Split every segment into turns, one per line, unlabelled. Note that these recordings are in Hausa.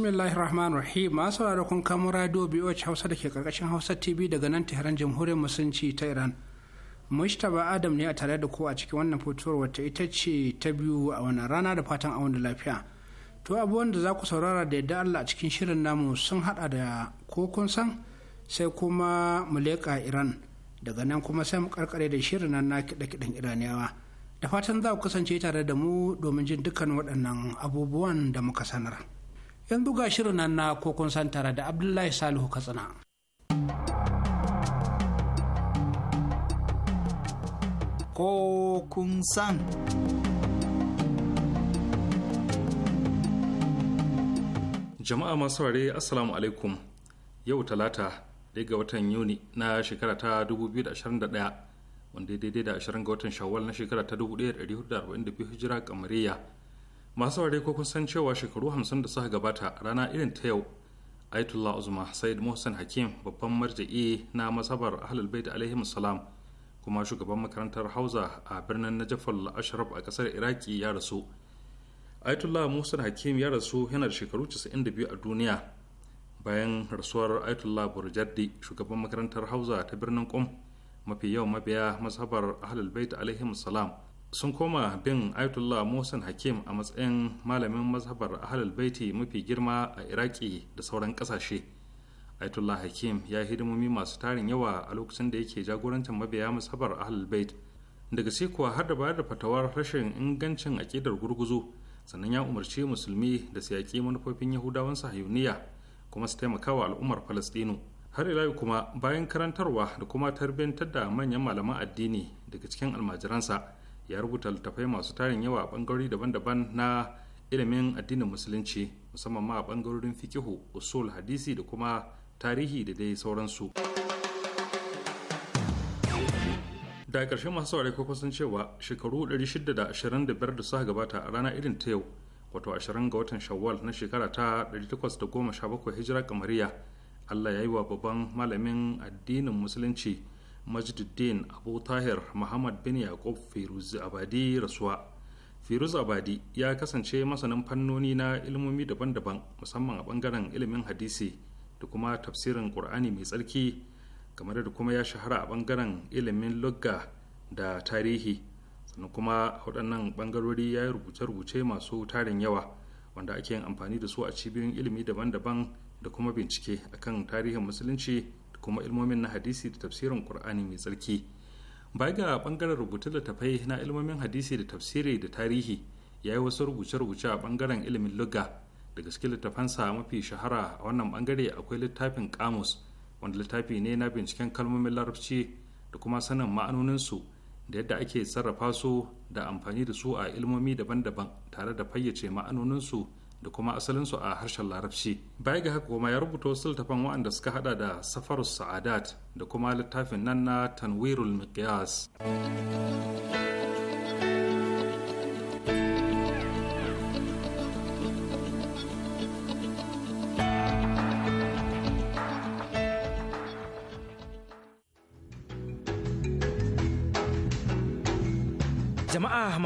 bismillahir rahmanir rahim masu sauraro kun kamo radio boh hausa da ke karkashin hausa tv daga nan tehran jamhuriyar musulunci ta iran ba adam ne a tare da ku a cikin wannan fitowar wata ita ce ta biyu a wannan rana da fatan awon da lafiya to abubuwan da za ku saurara da yadda allah a cikin shirin namu sun hada da ko kun san sai kuma mu leƙa iran daga nan kuma sai mu karkare da shirin nan na kiɗe-kiɗen iraniyawa da fatan za ku kasance tare da mu domin jin dukkan waɗannan abubuwan da muka sanar. yanzu ga shirin nan na kokon santara da abdullahi salihu katsina
kokun san
jama'a masu ware assalamu alaikum yau talata dai ga watan yuni na shekara ta 2021 wanda daidai da 20 ga watan shawwal na shekara ta 1442 hijira kamariya masu ware ko kun san cewa shekaru 50 da suka gabata rana irin ta yau Aitullah Uzma Said Mohsen Hakim babban marja'i na masabar Ahlul Bait alaihi salam kuma shugaban makarantar Hausa a birnin Najafal Ashraf a kasar Iraki ya rasu. Aitullah Mohsen Hakim ya rasu yana da shekaru 92 a duniya bayan rasuwar Aitullah Burjardi shugaban makarantar Hausa ta birnin Qom mafi yawan mabiya masabar Ahlul Bait alaihi salam sun koma bin Ayatollah Mohsen Hakim a matsayin malamin mazhabar ahlul baiti mafi girma a Iraki da sauran kasashe. Ayatollah Hakim ya yi hidimomi masu tarin yawa a lokacin da yake jagorancin mabiya mazhabar ahlul bait. Daga sai kuwa har da bayar da fatawar rashin ingancin aƙidar gurguzu sannan ya umarci musulmi da su yaƙi manufofin Yahudawan sahiyuniya kuma su taimakawa al'ummar Falastinu. har ila kuma bayan karantarwa da kuma tarbiyyantar da manyan malaman addini daga cikin almajiransa ya rubuta littattafai masu tarin yawa a bangarori daban-daban na ilimin addinin musulunci musamman ma a bangarorin fikihu usul hadisi da kuma tarihi da dai sauransu da ƙarshe masu saurari ko sun cewa shekaru 625 da suka gabata a rana irin ta yau wato 20 ga watan shawwal na shekara ta 1817 hijira kamariya allah ya yi wa babban malamin addinin musulunci majduddin abu tahir muhammad bin yaqub firuz abadi rasuwa firuz abadi ya kasance masanin fannoni na ilmomi daban-daban musamman a bangaren ilimin hadisi da kuma tafsirin qur'ani mai tsarki kamar da kuma ya shahara a bangaren ilimin lugga da tarihi sannan kuma waɗannan bangarori ya yi rubuce-rubuce masu tarin yawa wanda ake yin amfani da su a cibiyoyin ilimi daban-daban da kuma bincike akan tarihin musulunci kuma ilmomin na hadisi da tafsirin qur'ani mai tsarki bai ga bangaren rubutu tafai na ilmomin hadisi da tafsiri da tarihi ya yi wasu rubuce-rubuce a bangaren ilimin lugha da gaske littafansa mafi shahara a wannan bangare akwai littafin kamus wanda littafi ne na binciken kalmomin larabci da kuma sanin ma'anoninsu da yadda ake sarrafa su da amfani da su a ilmomi daban-daban tare da fayyace ma'anoninsu da kuma asalinsu a harshen larabci baya ga haka kuma ya rubuta wasu littafan waɗanda suka hada da safarus sa'adat da kuma littafin nan na tanwirul miqyas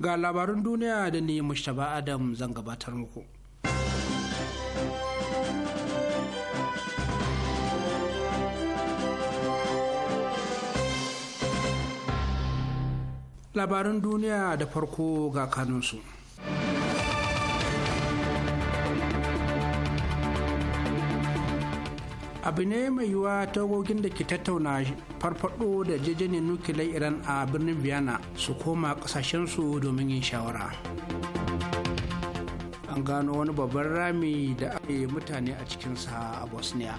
ga labarun duniya da ni mushtaba adam zan gabatar muku labarun duniya da farko ga kanunsu abu ne mai yiwuwa tagogin da ke tattauna farfado da jejenin nukilai iran a birnin vienna su koma kasashensu domin yin shawara an gano wani babban rami da ake mutane a cikinsa a bosnia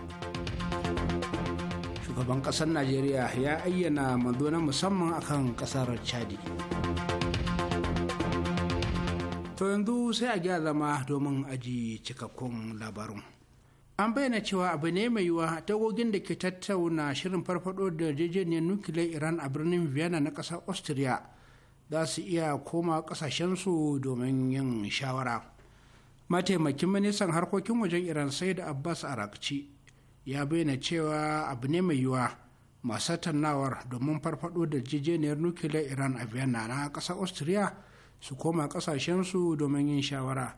shugaban kasar najeriya ya ayyana manzo na musamman akan kasar chadi to yanzu sai a gyara zama domin aji cikakkun labarun. an bayyana cewa abu ne mai yiwuwa tagogin da ke tattauna shirin farfado da yarjejeniyar nukiliyar iran a birnin vienna na ƙasar austria za su iya koma ƙasashensu domin yin shawara mataimakin ministan harkokin wajen iran sai da abbas arakci ya bayyana cewa abu ne mai yiwuwa masu tattaunawar domin farfado da yarjejeniyar nukiliyar iran a vienna na ƙasar austria su koma ƙasashensu domin yin shawara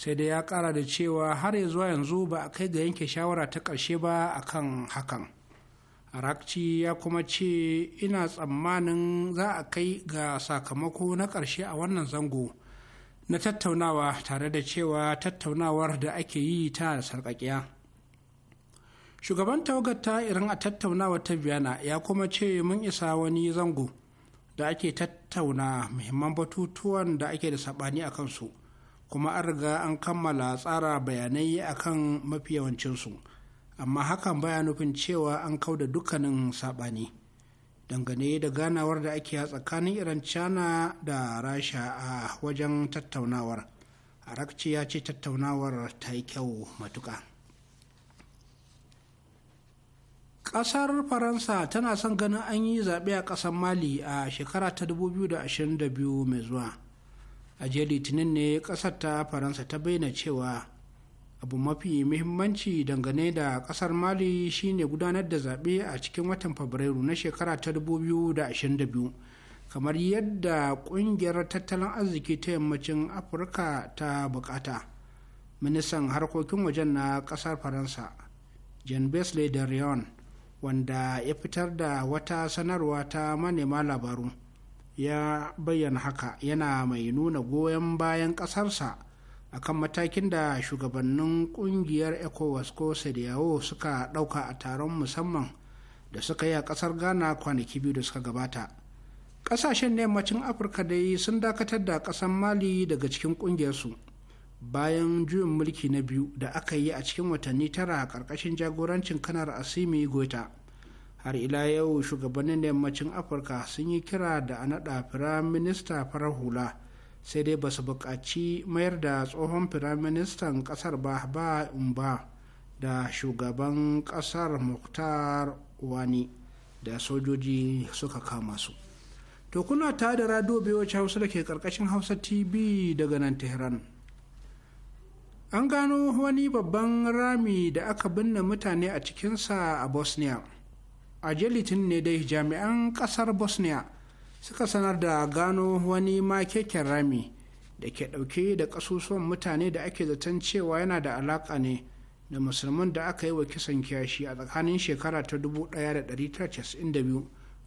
sai dai ya kara da cewa har ya zuwa yanzu ba a kai ga yanke shawara ta ƙarshe ba akan hakan arakci ya kuma ce ina tsammanin za a kai ga sakamako na ƙarshe a wannan zango na tattaunawa tare da cewa tattaunawar da ake yi ta sarkakiya. shugaban tawagar ta irin a tattaunawa ta biyana ya kuma ce mun isa wani zango da ake tattauna muhimman batutuwan da ake da saɓani a kansu kuma an riga an kammala tsara bayanai akan mafi yawancinsu amma hakan baya nufin cewa an kau da dukkanin saɓani dangane da ganawar da ake tsakanin iran china da rasha a wajen tattaunawar arakci ya ce tattaunawar ta yi kyau matuka ƙasar faransa tana son ganin an yi zaɓe a ƙasar mali a shekara ta 2022 mai zuwa a jiya litinin ne kasar ta faransa ta bayyana cewa abu mafi muhimmanci dangane da kasar mali shine gudanar da zaɓe a cikin watan fabrairu na shekara ta 2022 kamar yadda kungiyar tattalin arziki ta yammacin afirka ta bukata ministan harkokin wajen na kasar faransa jean besley de rion wanda ya fitar da wata sanarwa ta manema labaru ya bayyana haka yana mai nuna goyon bayan ƙasarsa akan matakin da shugabannin kungiyar ecowas ko Sadiyawo suka ɗauka a taron musamman da suka yi a ƙasar ghana kwanaki biyu da suka gabata ƙasashen na yammacin afirka yi sun dakatar da ƙasar mali daga cikin ƙungiyarsu bayan juyin mulki na biyu da aka yi a cikin watanni tara a ƙarƙashin jagorancin kanar asimi goita har ila yau shugabannin yammacin afirka sun yi kira da a naɗa firaminista farar hula sai dai ba su buƙaci mayar da tsohon firaministan ƙasar ba ba in ba da shugaban ƙasar muktar wani da sojoji suka kama su to kuna ta da rado wacce hausa da ke ƙarƙashin hausa tv daga nan tehran an gano wani babban rami da aka binne mutane a cikinsa a bosnia a jelitin ne dai jami'an kasar bosnia suka sanar da gano wani makeken rami da ke dauke da ƙasusuwan mutane da ake zaton cewa yana da alaka ne da musulman da aka yi wa kisan kiyashi a tsakanin shekara ta 1992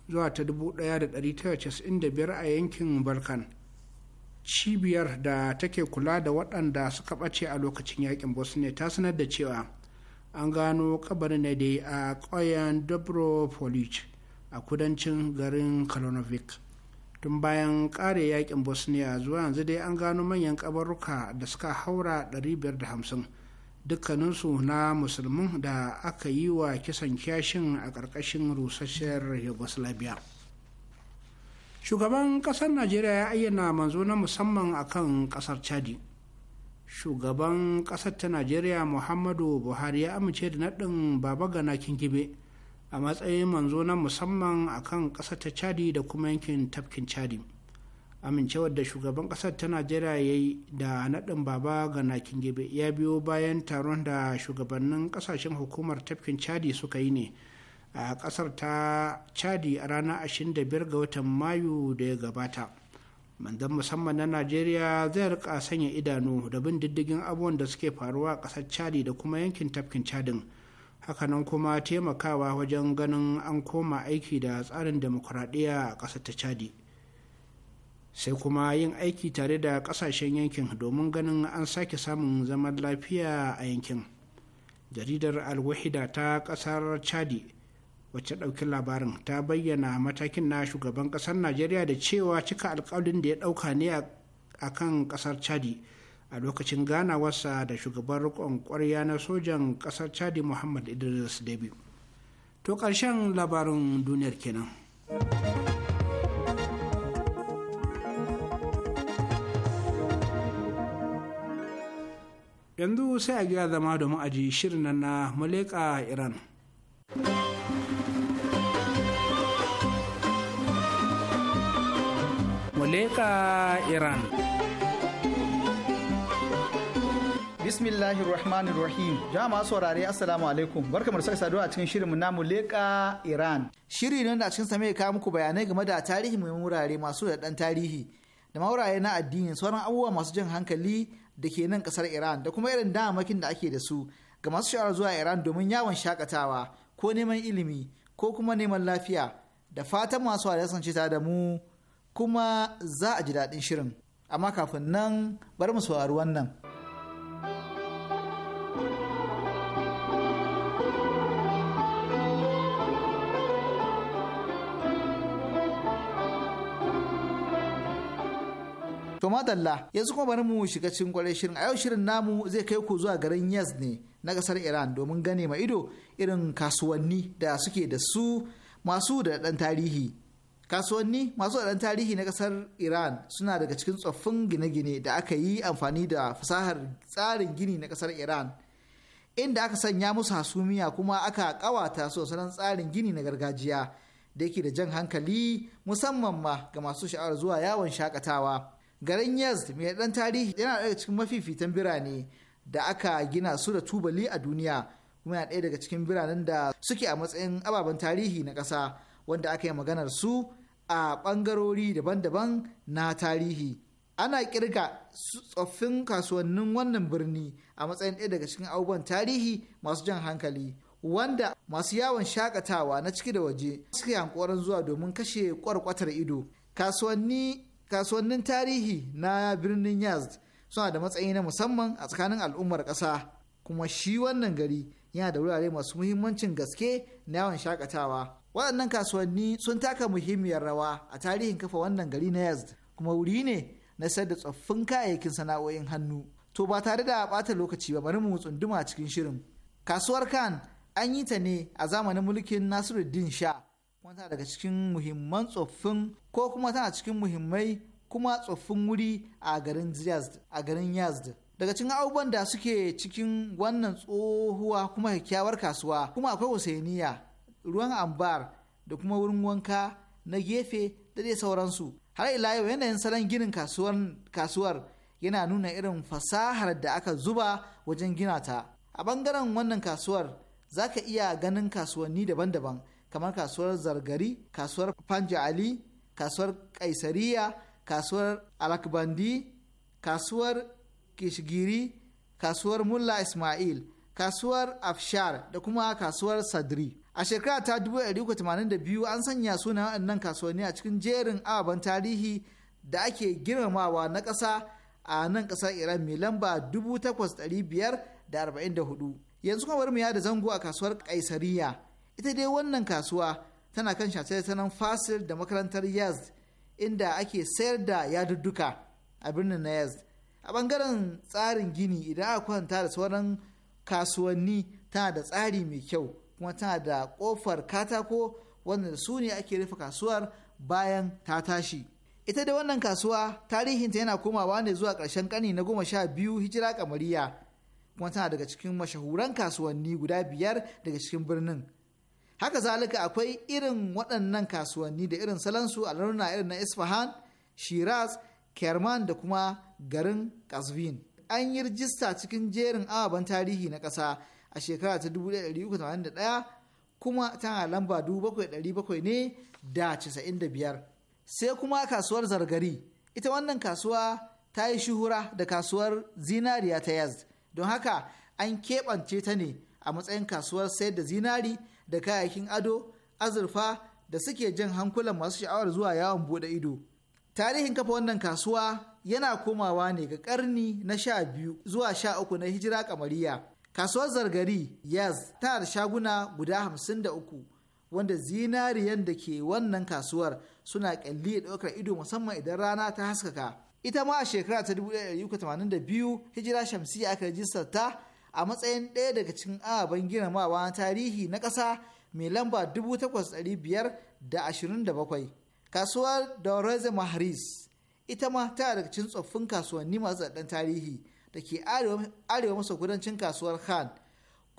zuwa ta 1995 a yankin balkan cibiyar da take kula da waɗanda suka ɓace a lokacin yakin bosnia ta sanar da cewa an gano kabarin na dai a ƙauyen dobropolich a kudancin garin kalonovic tun bayan kare yakin bosnia zuwa yanzu dai an gano manyan kabaruka da suka haura 550 dukkaninsu na musulmin da aka yi wa kisan kyashin a ƙarƙashin rusasshiyar yugoslavia shugaban ƙasar najeriya ya ayyana manzo na musamman akan ƙasar chadi shugaban ƙasar ta najeriya muhammadu buhari ya amince da naɗin baba gana kingibe a matsayin manzo na musamman a kan ƙasar ta chadi da kuma yankin tafkin chadi amincewar da shugaban ƙasar ta najeriya ya yi da naɗin baba gana kingibe ya biyo bayan taron da shugabannin ƙasashen hukumar tafkin chadi suka yi ne a ƙasar ta chadi a ranar 25 ga watan mayu da ya gabata mandan musamman na najeriya zai rika sanya idanu da bin diddigin abubuwan da suke faruwa a ƙasar chadi da kuma yankin tafkin chadin hakanan kuma taimakawa wajen ganin an koma aiki da tsarin demokuraɗiyya a ƙasar ta chadi sai kuma yin aiki tare da ƙasashen yankin domin ganin an sake samun zaman lafiya a yankin jaridar alwahida ta ƙasar chadi wacce ɗaukin labarin ta bayyana matakin na shugaban ƙasar najeriya da cewa cika alkawalin da ya ɗauka ne a kan ƙasar chadi a lokacin ganawarsa da shugaban riƙon ƙwarya na sojan ƙasar chadi muhammad idris debi to ƙarshen labarin duniyar kenan. yanzu sai a gida zama domin aji shirin na a iran. leka
iran bismillahir rahmanir rahim jama'a saurare assalamu alaikum barkamu da sake saduwa a cikin shirinmu na leka iran shiri ne da cikin same kawo muku bayanai game da tarihi mai wurare masu da dan tarihi da mauraye na addini sauran abubuwa masu jan hankali da ke nan kasar iran da kuma irin damakin da ake da su ga masu sha'awar zuwa iran domin yawon shakatawa ko neman ilimi ko kuma neman lafiya da fatan masu da da mu kuma za a ji daɗin shirin amma kafin nan bari mu saurari wannan. To madalla yanzu kuma bari mu shiga cikin kwarai shirin a yau shirin namu zai kai ku zuwa garin Yaz ne na kasar Iran domin gane ma ido irin kasuwanni da suke da su masu da ɗan tarihi. kasuwanni masu wadan tarihi na kasar iran suna daga cikin tsoffin gine-gine da aka yi amfani da fasahar tsarin gini na kasar iran inda aka sanya musu hasumiya kuma aka kawata su tsarin gini na gargajiya da yake da jan hankali musamman ma ga masu sha'awar zuwa yawon shakatawa garin yazd mai dan tarihi yana daga cikin mafifitan birane da aka gina su da tubali a duniya kuma yana daya daga cikin biranen da suke a matsayin ababen tarihi na ƙasa wanda aka yi maganar su a ɓangarori daban-daban na tarihi ana kirga tsoffin kasuwannin wannan birni a matsayin ɗaya daga cikin abubuwan tarihi masu jan hankali wanda masu yawon shakatawa na ciki da waje suke hankoran zuwa domin kashe kwarkwatar ido kasuwannin tarihi na birnin yazd suna da matsayi na musamman a tsakanin al'ummar ƙasa kuma shi wannan gari yana da wurare masu muhimmancin gaske na yawon shakatawa waɗannan kasuwanni sun taka muhimmiyar rawa a tarihin kafa wannan gari na yazd kuma wuri ne na sayar da tsoffin kayayyakin sana'o'in hannu to ba tare da ɓata lokaci ba bari mu tsunduma cikin shirin kasuwar kan an yi ta ne a zamanin mulkin nasiruddin sha kuma tana daga cikin muhimman tsoffin ko kuma tana cikin muhimmai kuma tsoffin wuri a garin yazd a garin yazd daga cikin abubuwan da suke cikin wannan tsohuwa kuma kyakkyawar kasuwa kuma akwai husainiya ruwan ambar da kuma wurin wanka na gefe da dai sauransu har ila yau yanayin salon ginin kasuwar yana nuna irin fasahar da aka zuba wajen gina ta a bangaren wannan kasuwar za ka iya ganin kasuwanni daban-daban kamar kasuwar zargari kasuwar panja ali kasuwar kaisariya kasuwar alakbandi kasuwar kishgiri kasuwar mulla ismail kasuwar afshar da kuma kasuwar sadri a shekara ta 1982 an sanya sunan waɗannan kasuwanni a cikin jerin ababen tarihi da ake girmamawa na ƙasa a nan ƙasar iran mai lamba 8544 yanzu kuma mu ya da zango a kasuwar kaisariya ita dai wannan kasuwa tana kan shata ta da makarantar yaz inda ake sayar da yadudduka a birnin na yaz a bangaren tsarin gini idan a kwanta da sauran kasuwanni tana da tsari mai kyau kuma tana da kofar katako wanda su ne ake rufe kasuwar bayan ta tashi ita da wannan kasuwa tarihinta yana komawa ne zuwa ƙarshen ƙani na goma sha biyu hijira kamariya kuma tana daga cikin mashahuran kasuwanni guda biyar daga cikin birnin haka zalika akwai irin waɗannan kasuwanni da irin salansu a larna irin na isfahan shiraz kerman da kuma garin kasvin an yi rijista cikin jerin ababen tarihi na ƙasa a shekara ta 1381 kuma tana lamba 7700 ne da 95 sai kuma kasuwar zargari ita wannan kasuwa ta yi shuhura da kasuwar zinariya ta yazd don haka an keɓance ta ne a matsayin kasuwar sayar da zinari da kayayyakin ado azurfa da suke jan hankulan masu sha'awar zuwa yawon bude ido tarihin kafa wannan kasuwa yana komawa ne ga karni na sha biyu zuwa sha uku na hijira kamariya kasuwar zargari yaz ta da shaguna guda hamsin da uku wanda zinariyan da ke wannan kasuwar suna kyalli ɗaukar ido musamman idan rana ta haskaka ita ma a shekara ta 1982 hijira shamsiya aka rajistar ta a matsayin ɗaya daga cikin ababen girmamawa na tarihi na ƙasa mai lamba 8527 kasuwar dauraze maharis ita ma ta daga cikin tsoffin kasuwanni masu tsadan tarihi da ke arewa masa kudancin kasuwar khan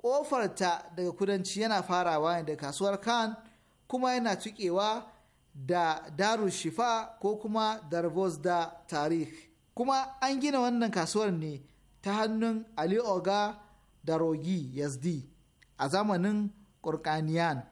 ƙofarta daga kudanci yana farawa ne da kasuwar khan kuma yana tuƙewa da daru shifa ko kuma darvoz da tarih kuma an gina wannan kasuwar ne ta hannun ali oga da rogi yazdi a zamanin ƙurƙaniyan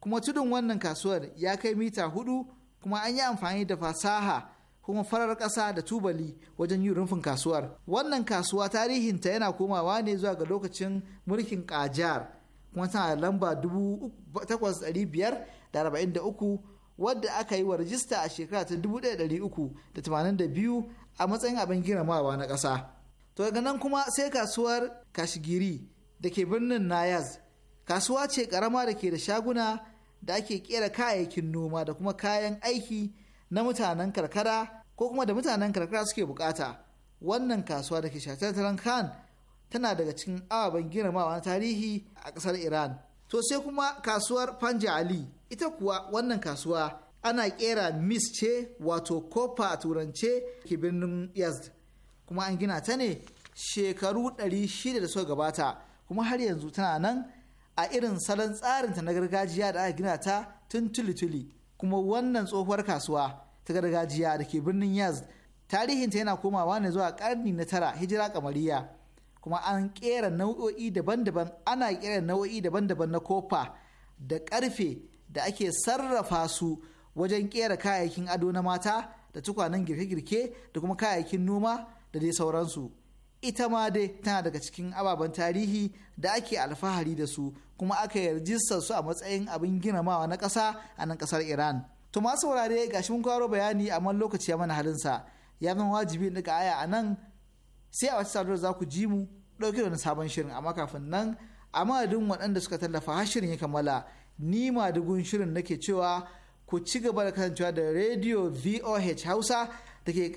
kuma tudun wannan kasuwar ya kai mita hudu kuma an yi amfani da fasaha kuma farar ƙasa da tubali wajen yin rumfin kasuwar wannan kasuwa tarihinta yana komawa ne zuwa ga lokacin mulkin kajar kuma tana da lamba 8543 wadda aka yi wa rajista a shekara ta 1382 a matsayin abin girmamawa na ƙasa to daga nan kuma sai kasuwar kashigiri da ke birnin nayaz kasuwa ce ƙarama da ke da shaguna da ake kera kayayyakin noma da kuma kayan aiki na mutanen karkara ko kuma da mutanen karkara suke bukata wannan kasuwa da ke shatattaran khan tana daga cikin ababen girmamawa na tarihi a kasar iran to sai kuma kasuwar panja ali ita kuwa wannan kasuwa ana kera mis ce wato kofa a turance ke birnin yazd kuma an gina ta ne shekaru 600 da suka gabata kuma har yanzu tana nan a irin salon tsarinta na gargajiya da aka gina ta tun tuli-tuli kuma wannan tsohuwar kasuwa ta gargajiya da ke birnin Yaz tarihinta yana komawa ne zuwa karni na tara hijira kamariya kuma an kera nau'o'i daban-daban ana kera nau'o'i daban-daban na kofa da karfe da ake sarrafa su wajen kera kayayyakin ado na mata da tukwanen girke-girke da kuma kayayyakin noma da dai sauransu ita ma dai tana daga cikin ababen tarihi da ake alfahari da su kuma aka yarjistar su a matsayin abin ginamawa na ƙasa a nan ƙasar iran to masu saurare gashi mun kwaro bayani amma lokaci ya mana sa ya zama wajibi daga aya a nan sai a wata saduwar za ku ji mu ɗauke wani sabon shirin amma kafin nan a madadin waɗanda suka tallafa har shirin ya kammala ni ma dugun shirin nake cewa ku ci gaba da kasancewa da radio voh hausa da ke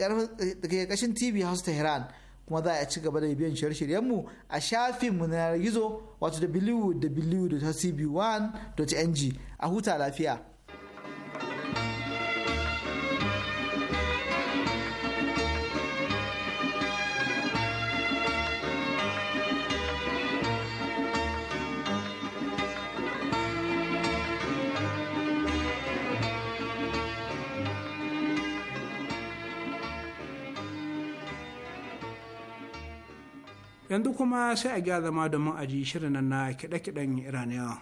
kashin tv hausa tehran kuma za a ci gaba da biyan shirye mu a shafin mu na yanar gizo wato www.cb1.ng a huta lafiya.
yanzu kuma sai a gyara zama domin a ji shirin na kiɗe-kiɗen iraniya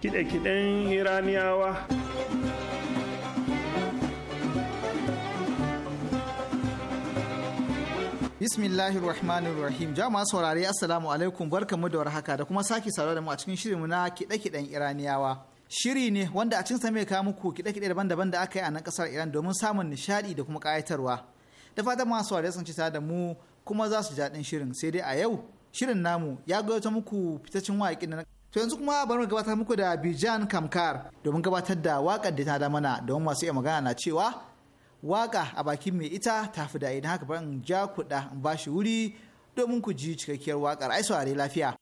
kiɗe-kiɗen iraniyawa
Bismillahir Rahmanir Rahim. Jama'a saurare Assalamu alaikum barkamu da warhaka da kuma sake saurare mu a cikin shirinmu na kiɗe-kiɗen Iraniyawa. shiri ne wanda a cinsa mai kawo muku kiɗe-kiɗe daban-daban da aka yi a nan ƙasar Iran domin samun nishaɗi da kuma kayatarwa Da fatan masu wari sun ci da mu kuma za su ji daɗin shirin sai dai a yau shirin namu ya ta muku fitaccen waƙin na To yanzu kuma bari mu gabatar muku da Bijan Kamkar domin gabatar da waƙar da ta da mana domin masu iya magana na cewa waƙa a bakin mai ita ta fi da idan haka bari in ja kuɗa in ba shi wuri domin ku ji cikakkiyar waƙar ai saurare lafiya.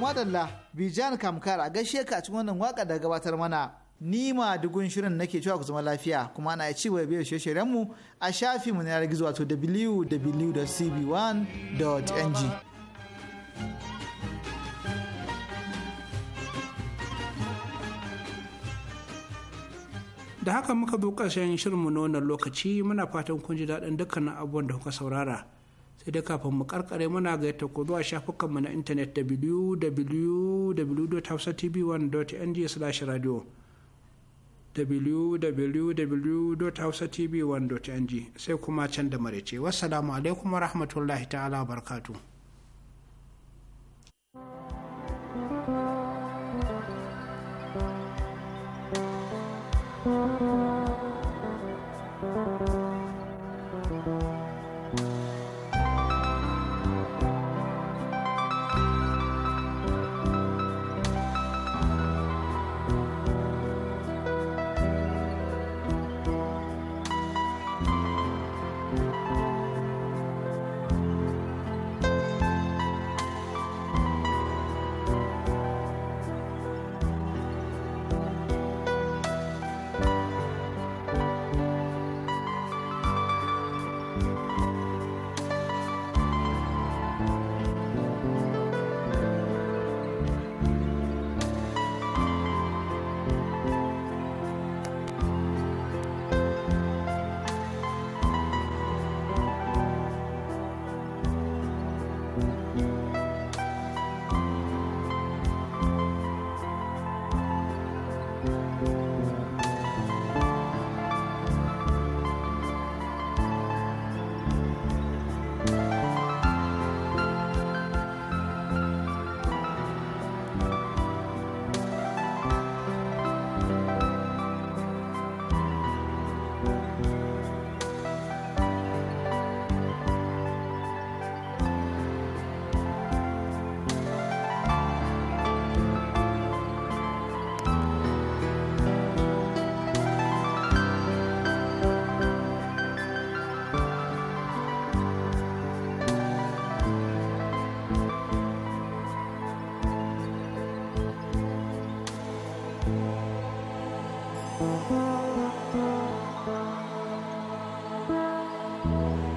madalla bijan kamkar a gaishe ka cikin wannan waka da gabatar mana ni ma dugun shirin nake cewa ku zama lafiya kuma ana ci wa biyar shirye mu a shafi mu na yanar gizo wato www.cb1.ng
da haka muka zo ƙarshen shirinmu na wannan lokaci muna fatan kun ji daɗin dukkanin abubuwan da kuka saurara sai dai kafin mu karkare muna ga yadda ku zuwa shafukanmu na intanet www.hausatv1.ng/radio www.hausatv1.ng sai kuma can da marece wassalamu alaikum rahmatullahi ta'ala barkatu
Thank you.